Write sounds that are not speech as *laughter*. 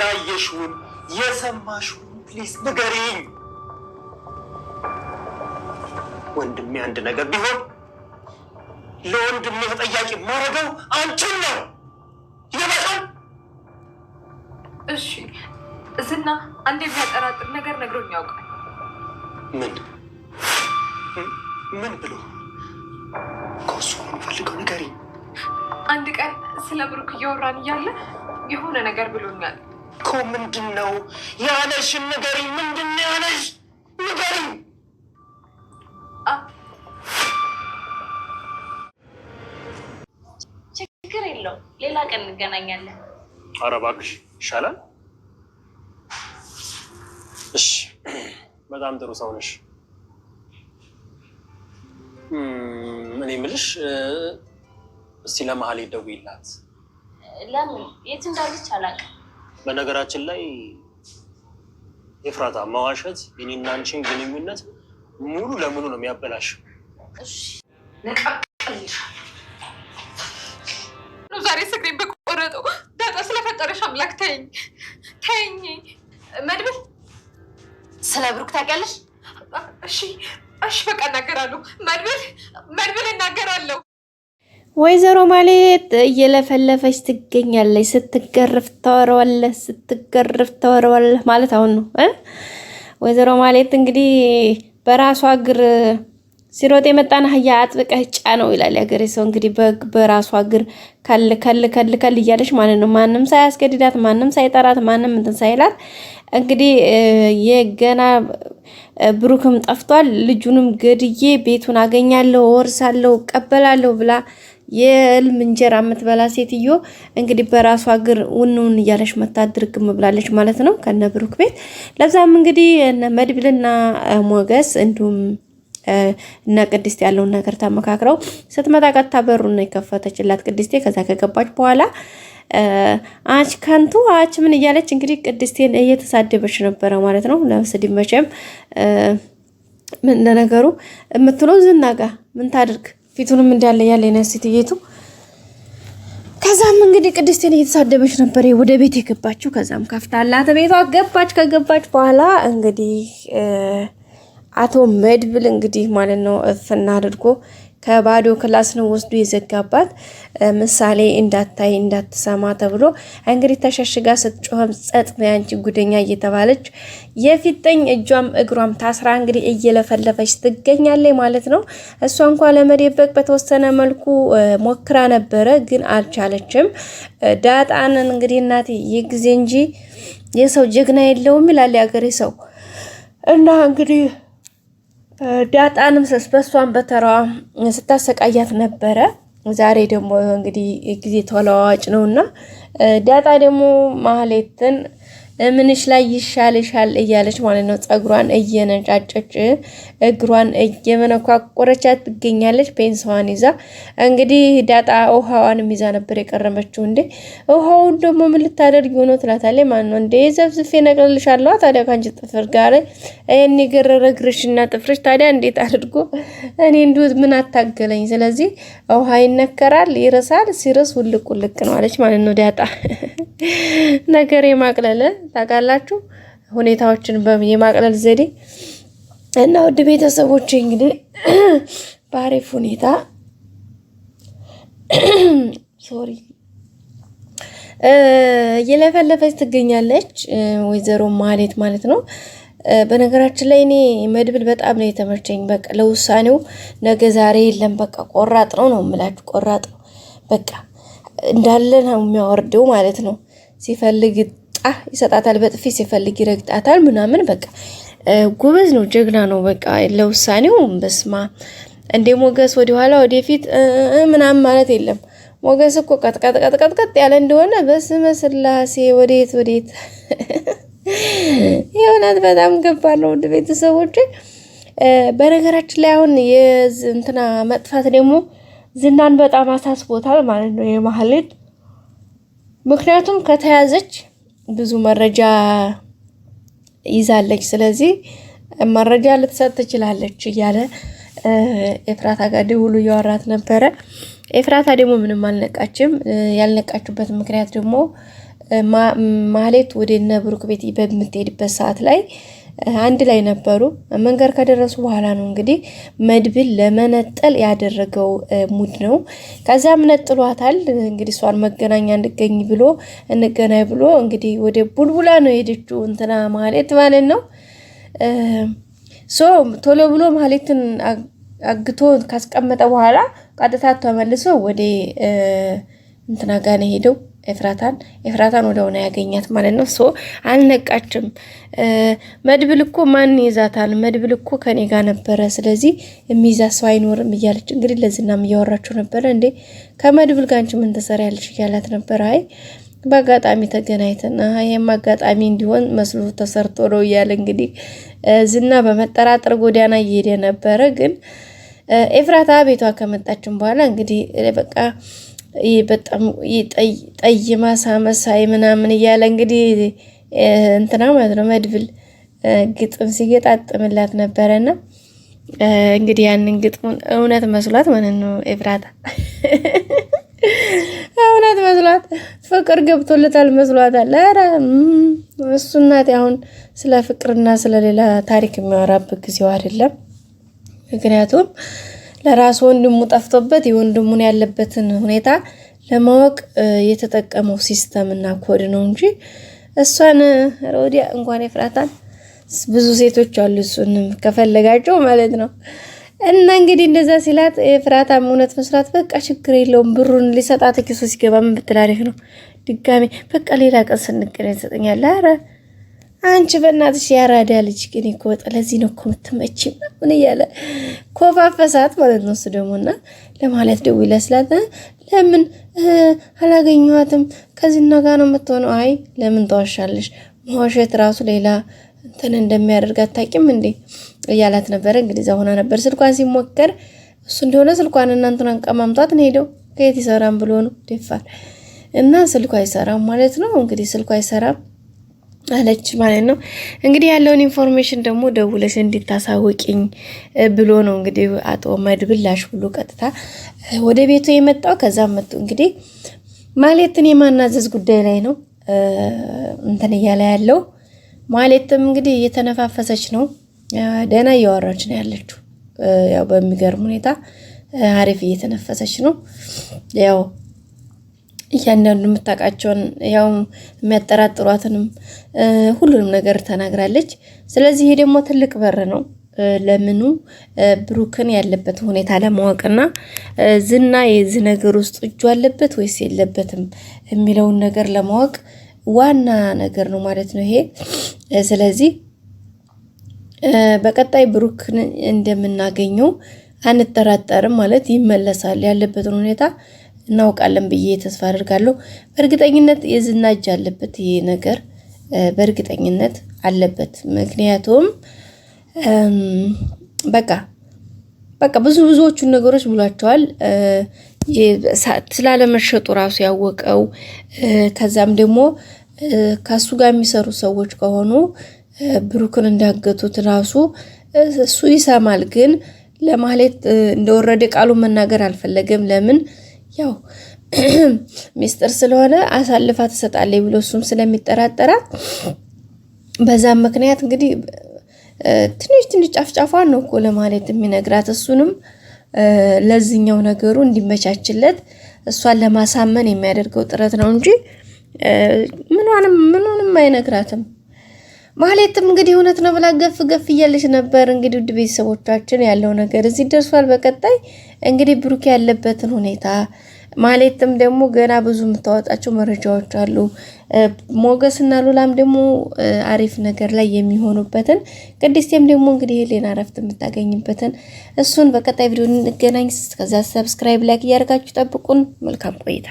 ያየሽውን የሰማሽውን ፕሊስ ንገሪኝ። ወንድሜ አንድ ነገር ቢሆን ለወንድሜ ተጠያቂ ማድረገው አንቺን ነው። ይበቃል። እሺ፣ ዝና አንድ የሚያጠራጥር ነገር ነግሮኝ ያውቃል። ምን ምን ብሎ ከሱ የምፈልገው ንገሪኝ። አንድ ቀን ስለ ብሩክ እያወራን እያለ የሆነ ነገር ብሎኛል። እኮ ምንድን ነው ያለሽን ንገሪኝ። ምንድን ነው ያለሽ ችግር የለው ሌላ ቀን እንገናኛለን። ኧረ እባክሽ ይሻላል። እሺ፣ በጣም ጥሩ ሰው ነሽ። እኔ የምልሽ እስቲ ለመሀል ደውይላት። ለምን የት እንዳለች አላውቅም በነገራችን ላይ የፍራታ መዋሸት የኔና አንቺን ግንኙነት ሙሉ ለሙሉ ነው የሚያበላሽ። ዛሬ ስግሬን በቆረጠው ዳጣ ስለፈጠረሽ አምላክ ተይኝ ተይኝ። መድብል ስለ ብሩክ ታውቂያለሽ? እሺ እሺ፣ በቃ እናገራለሁ። መድብል መድብል እናገራለሁ። ወይዘሮ ማለት እየለፈለፈች ትገኛለች። ስትገርፍ ታወራዋለህ፣ ስትገርፍ ታወራዋለህ ማለት አሁን ነው። ወይዘሮ ማለት እንግዲህ በራሷ እግር ሲሮጥ የመጣን አህያ አጥብቀህ ነው ይላል ያገሬ ሰው። እንግዲህ በራሷ እግር ከል ከል ከል ከል እያለች ማለት ነው። ማንም ሳያስገድዳት፣ ማንም ሳይጠራት፣ ማንም እንትን ሳይላት እንግዲህ የገና ብሩክም ጠፍቷል። ልጁንም ገድዬ ቤቱን አገኛለሁ፣ ወርሳለሁ፣ እቀበላለሁ ብላ የእልም እንጀራ የምትበላ ሴትዮ እንግዲህ በራሷ እግር ውንውን እያለች መታድርግ ድርግም ብላለች ማለት ነው ከነ ብሩክ ቤት። ለዛም እንግዲህ እነ መድብልና ሞገስ እንዲሁም እነ ቅድስቴ ያለውን ነገር ተመካክረው ስትመጣ ቀጥታ በሩን ነው የከፈተችላት ቅድስቴ። ከዛ ከገባች በኋላ አች ከንቱ አች ምን እያለች እንግዲህ ቅድስቴን እየተሳደበች ነበረ ማለት ነው። ነፍስ መቼም ምን ለነገሩ የምትለው ዝናጋ ምን ታድርግ ፊቱንም እንዳለ ያለ ነ ከዛም እንግዲህ ቅድስቴን እየተሳደበች ነበር ወደ ቤት የገባችው። ከዛም ከፍታላት ቤቷ ገባች። ከገባች በኋላ እንግዲህ አቶ መድብል እንግዲህ ማለት ነው እፍና አድርጎ ከባዶ ክላስ ነው ወስዶ የዘጋባት ምሳሌ እንዳታይ እንዳትሰማ ተብሎ እንግዲህ ተሸሽጋ ስትጮኸም ጸጥ ነይ ጉደኛ እየተባለች የፊጠኝ እጇም እግሯም ታስራ እንግዲህ እየለፈለፈች ትገኛለች ማለት ነው። እሷ እንኳ ለመደበቅ በተወሰነ መልኩ ሞክራ ነበረ፣ ግን አልቻለችም። ዳጣንን እንግዲህ እናቴ የጊዜ እንጂ የሰው ጀግና የለውም ይላል ያገሬ ሰው እና እንግዲህ ዳጣንም በሷን በተራዋ ስታሰቃያት ነበረ። ዛሬ ደግሞ እንግዲህ ጊዜ ተለዋዋጭ ነው እና ዳጣ ደግሞ ማህሌትን ምንሽ ላይ ይሻልሻል እያለች ማለት ነው። ጸጉሯን እየነጫጨች እግሯን እየመነኳቆረች ትገኛለች። ፔንስዋን ይዛ እንግዲህ ዳጣ ውሃዋን ይዛ ነበር የቀረበችው። እንዴ ውሃውን ደግሞ ምን ልታደርጊ ሆኖ ትላታለች ማለት ነው። እንዴ ዘብዝፌ ነቅልልሻለሁ ታዲያ ከአንቺ ጥፍር ጋር ይህን የገረረ እግርሽና ጥፍርሽ ታዲያ እንዴት አድርጎ እኔ እንዲሁ ምን አታገለኝ። ስለዚህ ውሃ ይነከራል፣ ይረሳል፣ ሲረስ ውልቅ ውልቅ ነው አለች ማለት ነው ዳጣ ነገር የማቅለለ ታውቃላችሁ ሁኔታዎችን የማቅለል ዘዴ እና ውድ ቤተሰቦች እንግዲህ *clears throat* በአሪፍ ሁኔታ *clears throat* ሶሪ እየለፈለፈች ትገኛለች ወይዘሮ ማህሌት ማለት ነው። በነገራችን ላይ እኔ መድብል በጣም ነው የተመቸኝ። በቃ ለውሳኔው ነገ ዛሬ የለም። በቃ ቆራጥ ነው ነው የምላችሁ፣ ቆራጥ ነው። በቃ እንዳለ ነው የሚያወርደው ማለት ነው ሲፈልግ ጣ ይሰጣታል። በጥፊ ሲፈልግ ይረግጣታል ምናምን በቃ ጎበዝ ነው፣ ጀግና ነው። በቃ ለውሳኔው በስማ እንዴ ሞገስ ወደኋላ ወደፊት ምናምን ማለት የለም። ሞገስ እኮ ቀጥቀጥቀጥቀጥ ያለ እንደሆነ በስመ ስላሴ ወዴት ወዴት የእውነት *laughs* በጣም ገባር ነው። ውድ ቤተሰቦች፣ በነገራችን ላይ አሁን የእንትና መጥፋት ደግሞ ዝናን በጣም አሳስቦታል ማለት ነው የማህሌት ምክንያቱም ከተያዘች ብዙ መረጃ ይዛለች፣ ስለዚህ መረጃ ልትሰጥ ትችላለች እያለ ኤፍራታ ጋር ደውሉ እያወራት ነበረ። ኤፍራታ ደግሞ ምንም አልነቃችም። ያልነቃችሁበት ምክንያት ደግሞ ማህሌት ወደ እነ ብሩክ ቤት በምትሄድበት ሰዓት ላይ አንድ ላይ ነበሩ። መንገድ ከደረሱ በኋላ ነው እንግዲህ መድብል ለመነጠል ያደረገው ሙድ ነው። ከዚያም ነጥሏታል። እንግዲህ እሷን መገናኛ እንገኝ ብሎ እንገናኝ ብሎ እንግዲህ ወደ ቡልቡላ ነው የሄደችው እንትና ማለት ማለት ነው። ሶ ቶሎ ብሎ ማለትን አግቶ ካስቀመጠ በኋላ ቀጥታ ተመልሶ ወደ እንትና ጋር ነው ሄደው ኤፍራታን ኤፍራታን ወደሆነ ያገኛት ማለት ነው። ሶ አልነቃችም። መድብል እኮ ማን ይዛታል? መድብል እኮ ከኔ ጋር ነበረ፣ ስለዚህ የሚይዛ ሰው አይኖርም እያለች እንግዲህ ለዝናም እያወራችሁ ነበረ። እንዴ ከመድብል ጋር አንቺ ምን ትሰሪያለሽ? እያላት ነበረ። አይ በአጋጣሚ ተገናኝተን ይህም አጋጣሚ እንዲሆን መስሎ ተሰርቶ ነው እያለ እንግዲህ ዝና በመጠራጠር ጎዳና እየሄደ ነበረ። ግን ኤፍራታ ቤቷ ከመጣችን በኋላ እንግዲህ በቃ በጣም ጠይ ማሳ መሳይ ምናምን እያለ እንግዲህ እንትና ማለት ነው መድብል ግጥም ሲገጣጥምላት ነበረና እንግዲህ ያንን ግጥሙን እውነት መስሏት ማለት ነው ኤፍራታ *laughs* እውነት መስሏት ፍቅር ገብቶለታል መስሏታል። ኧረ እሱ እናቴ አሁን ስለ ፍቅርና ስለሌላ ታሪክ የሚያወራበት ጊዜው አይደለም። ምክንያቱም ለራሱ ወንድሙ ጠፍቶበት የወንድሙን ያለበትን ሁኔታ ለማወቅ የተጠቀመው ሲስተም እና ኮድ ነው እንጂ እሷን ሮዲያ እንኳን የፍራታን ብዙ ሴቶች አሉ። እሱንም ከፈለጋቸው ማለት ነው። እና እንግዲህ እንደዛ ሲላት የፍራታም እውነት መስራት በቃ ችግር የለውም ብሩን ሊሰጣት ኪሱ ሲገባ ምን ነው። ድጋሜ በቃ ሌላ ቀን ስንገናኝ አንቺ በእናትሽ ያራዳ ልጅ ግን እኮ ለዚህ ነው እኮ የምትመጪው ምን እያለ ኮፋፈሳት ማለት ነው። እሱ ደግሞ እና ለማለት ደው ስላት ለምን አላገኘኋትም ከዚህና ጋር ነው የምትሆነው። አይ ለምን ተዋሻለሽ? መዋሸት ራሱ ሌላ እንትን እንደሚያደርግ አታውቂም እንዴ እያላት ነበረ። እንግዲህ እዛ ሆና ነበር ስልኳን ሲሞከር እሱ እንደሆነ ስልኳን እናንቱን አንቀማምጧት ነው ሄደው ከየት ይሰራም ብሎ ነው ደፋል እና ስልኳ አይሰራም ማለት ነው እንግዲህ ስልኳ አይሰራም አለች ማለት ነው። እንግዲህ ያለውን ኢንፎርሜሽን ደግሞ ደውለሽ እንድታሳውቂኝ ብሎ ነው እንግዲህ አቶ መድብላሽ ብሎ ቀጥታ ወደ ቤቱ የመጣው። ከዛ መጡ እንግዲህ ማሌትን የማናዘዝ ጉዳይ ላይ ነው እንትን እያለ ያለው። ማሌትም እንግዲህ እየተነፋፈሰች ነው፣ ደህና እያወራች ነው ያለችው። ያው በሚገርም ሁኔታ አሪፍ እየተነፈሰች ነው ያው እያንዳንዱ የምታውቃቸውን ያው የሚያጠራጥሯትንም ሁሉንም ነገር ተናግራለች። ስለዚህ ይሄ ደግሞ ትልቅ በር ነው ለምኑ ብሩክን ያለበት ሁኔታ ለማወቅና ዝና የዚህ ነገር ውስጥ እጁ አለበት ወይስ የለበትም የሚለውን ነገር ለማወቅ ዋና ነገር ነው ማለት ነው ይሄ። ስለዚህ በቀጣይ ብሩክን እንደምናገኘው አንጠራጠርም ማለት ይመለሳል ያለበትን ሁኔታ እናውቃለን ብዬ ተስፋ አድርጋለሁ። በእርግጠኝነት የዝና እጅ አለበት ይሄ ነገር በእርግጠኝነት አለበት። ምክንያቱም በቃ በቃ ብዙ ብዙዎቹን ነገሮች ብሏቸዋል። ስላለመሸጡ ራሱ ያወቀው ከዛም ደግሞ ከሱ ጋር የሚሰሩ ሰዎች ከሆኑ ብሩክን እንዳገቱት ራሱ እሱ ይሰማል። ግን ለማህሌት እንደወረደ ቃሉ መናገር አልፈለገም። ለምን ያው *clears throat* ሚስጥር ስለሆነ አሳልፋ ትሰጣለች ብሎ እሱም ስለሚጠራጠራት በዛም ምክንያት እንግዲህ ትንሽ ትንሽ ጫፍጫፏን ነው እኮ ለማለት የሚነግራት እሱንም ለዚህኛው ነገሩ እንዲመቻችለት እሷን ለማሳመን የሚያደርገው ጥረት ነው እንጂ ምንም ምንም አይነግራትም። ማህሌትም እንግዲህ እውነት ነው ብላ ገፍ ገፍ እያለች ነበር። እንግዲህ ውድ ቤተሰቦቻችን ያለው ነገር እዚህ ደርሷል። በቀጣይ እንግዲህ ብሩክ ያለበትን ሁኔታ ማሌትም ደግሞ ገና ብዙ የምታወጣቸው መረጃዎች አሉ። ሞገስ እና ሉላም ደግሞ አሪፍ ነገር ላይ የሚሆኑበትን ቅድስቴም ደግሞ እንግዲህ ሌና እረፍት የምታገኝበትን እሱን በቀጣይ ቪዲዮ እንገናኝ። ከዛ ሰብስክራይብ፣ ላይክ እያደርጋችሁ ጠብቁን። መልካም ቆይታ